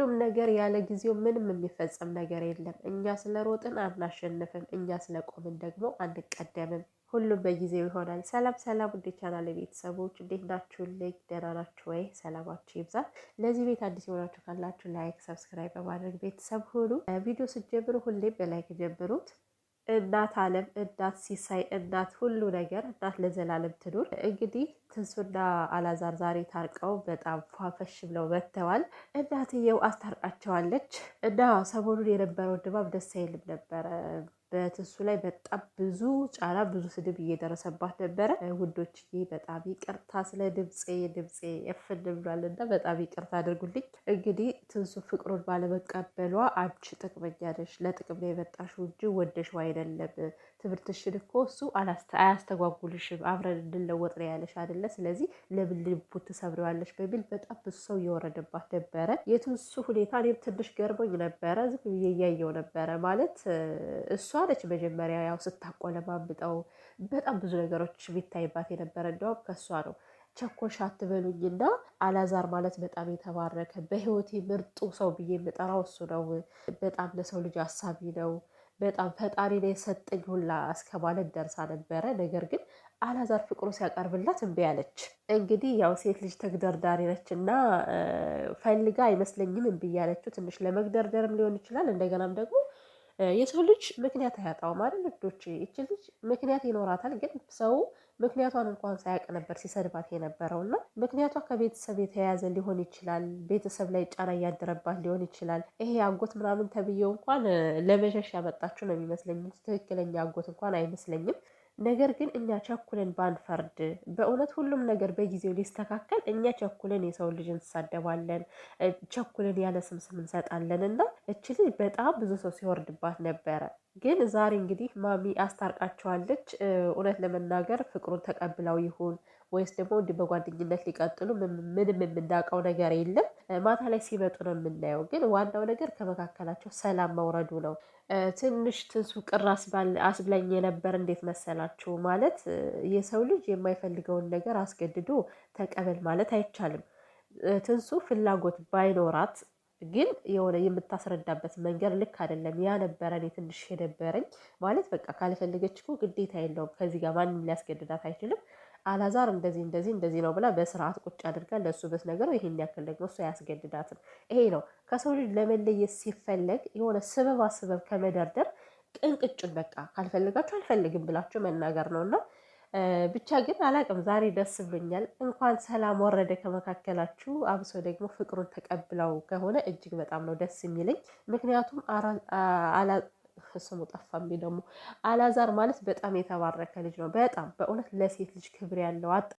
ሁሉም ነገር ያለ ጊዜው ምንም የሚፈጸም ነገር የለም። እኛ ስለሮጥን አናሸንፍም፣ እኛ ስለቆምን ደግሞ አንቀደምም። ሁሉም በጊዜው ይሆናል። ሰላም ሰላም፣ እንዴት ቻናል ቤተሰቦች እንዴት ልጅ ደህና ናችሁ ወይ? ሰላማችሁ ይብዛ። ለዚህ ቤት አዲስ የሆናችሁ ካላችሁ ላይክ፣ ሰብስክራይብ በማድረግ ቤተሰብ ሁኑ። ቪዲዮ ስትጀምሩ ሁሌም በላይክ ጀምሩት። እናት አለም እናት ሲሳይ እናት ሁሉ ነገር እናት ለዘላለም ትኑር። እንግዲህ ትንሱና አላዛር ዛሬ ታርቀው በጣም ፏፈሽ ብለው መጥተዋል። እናትየው አስታርቃቸዋለች እና ሰሞኑን የነበረው ድባብ ደስ አይልም ነበረ። በትሱ ላይ በጣም ብዙ ጫና ብዙ ስድብ እየደረሰባት ነበረ። ውዶችዬ በጣም ይቅርታ ስለ ድምፄ ድምፄ እፍን ብሏል እና በጣም ይቅርታ አድርጉልኝ። እንግዲህ ትንሱ ፍቅሩን ባለመቀበሏ አንቺ ጥቅመኛ ነሽ፣ ለጥቅም ነው የመጣሽው እንጂ ወደሽው አይደለም። ትምህርትሽን እኮ እሱ አያስተጓጉልሽም፣ አብረን እንለወጥ ነው ያለሽ አይደለ? ስለዚህ ለምን ልቡ ትሰብሪዋለሽ? በሚል በጣም ብዙ ሰው እየወረደባት ነበረ። የትንሱ ሁኔታ እኔም ትንሽ ገርሞኝ ነበረ። ዝም ብዬ እያየው ነበረ ማለት እሷ አለች መጀመሪያ ያው ስታቆለማምጠው በጣም ብዙ ነገሮች ቢታይባት የነበረ እንደውም ከእሷ ነው። ቸኮሽ አትበሉኝና አላዛር ማለት በጣም የተባረከ በህይወቴ ምርጡ ሰው ብዬ የምጠራው እሱ ነው። በጣም ለሰው ልጅ አሳቢ ነው። በጣም ፈጣሪ ነው የሰጠኝ ሁላ እስከ ማለት ደርሳ ነበረ። ነገር ግን አላዛር ፍቅሩ ሲያቀርብላት እምቢ አለች። እንግዲህ ያው ሴት ልጅ ተግደርዳሪ ነች እና ፈልጋ አይመስለኝም እምቢ ያለችው ትንሽ ለመግደርደርም ሊሆን ይችላል። እንደገናም ደግሞ የሰው ልጅ ምክንያት አያጣውም አይደል ልጆች? ይቺ ልጅ ምክንያት ይኖራታል፣ ግን ሰው ምክንያቷን እንኳን ሳያቅ ነበር ሲሰድባት የነበረው እና ምክንያቷ ከቤተሰብ የተያያዘ ሊሆን ይችላል፣ ቤተሰብ ላይ ጫና እያደረባት ሊሆን ይችላል። ይሄ አጎት ምናምን ተብዬው እንኳን ለመሸሽ ያመጣችው ነው የሚመስለኝ። ትክክለኛ አጎት እንኳን አይመስለኝም። ነገር ግን እኛ ቸኩለን ባንፈርድ፣ በእውነት ሁሉም ነገር በጊዜው ሊስተካከል፣ እኛ ቸኩለን የሰው ልጅ እንሳደባለን፣ ቸኩለን ያለ ስም ስም እንሰጣለን እና እች ልጅ በጣም ብዙ ሰው ሲወርድባት ነበረ። ግን ዛሬ እንግዲህ ማሚ አስታርቃቸዋለች። እውነት ለመናገር ፍቅሩን ተቀብለው ይሁን ወይስ ደግሞ እንዲህ በጓደኝነት ሊቀጥሉ ምንም የምናውቀው ነገር የለም። ማታ ላይ ሲመጡ ነው የምናየው። ግን ዋናው ነገር ከመካከላቸው ሰላም መውረዱ ነው። ትንሽ ትንሱ ቅር አስብላኝ የነበር እንዴት መሰላችሁ? ማለት የሰው ልጅ የማይፈልገውን ነገር አስገድዶ ተቀበል ማለት አይቻልም። ትንሱ ፍላጎት ባይኖራት ግን የሆነ የምታስረዳበት መንገድ ልክ አይደለም። ያ ነበረ እኔ ትንሽ የነበረኝ ማለት በቃ ካልፈለገች እኮ ግዴታ የለውም ከዚህ ጋር ማንም ሊያስገድዳት አይችልም። አላዛር እንደዚህ እንደዚህ እንደዚህ ነው ብላ በስርዓት ቁጭ አድርጋ ለእሱ ብትነግረው ይሄን ያክል ደግሞ እሱ አያስገድዳትም። ይሄ ነው ከሰው ልጅ ለመለየት ሲፈለግ የሆነ ስበብ አስበብ ከመደርደር ቅንቅጩን በቃ ካልፈልጋችሁ አልፈልግም ብላችሁ መናገር ነው እና ብቻ ግን አላቅም። ዛሬ ደስ ብሎኛል። እንኳን ሰላም ወረደ ከመካከላችሁ። አብሶ ደግሞ ፍቅሩን ተቀብለው ከሆነ እጅግ በጣም ነው ደስ የሚለኝ። ምክንያቱም ስሙ ጠፋምቢ ደግሞ አላዛር ማለት በጣም የተባረከ ልጅ ነው። በጣም በእውነት ለሴት ልጅ ክብር ያለው አጣ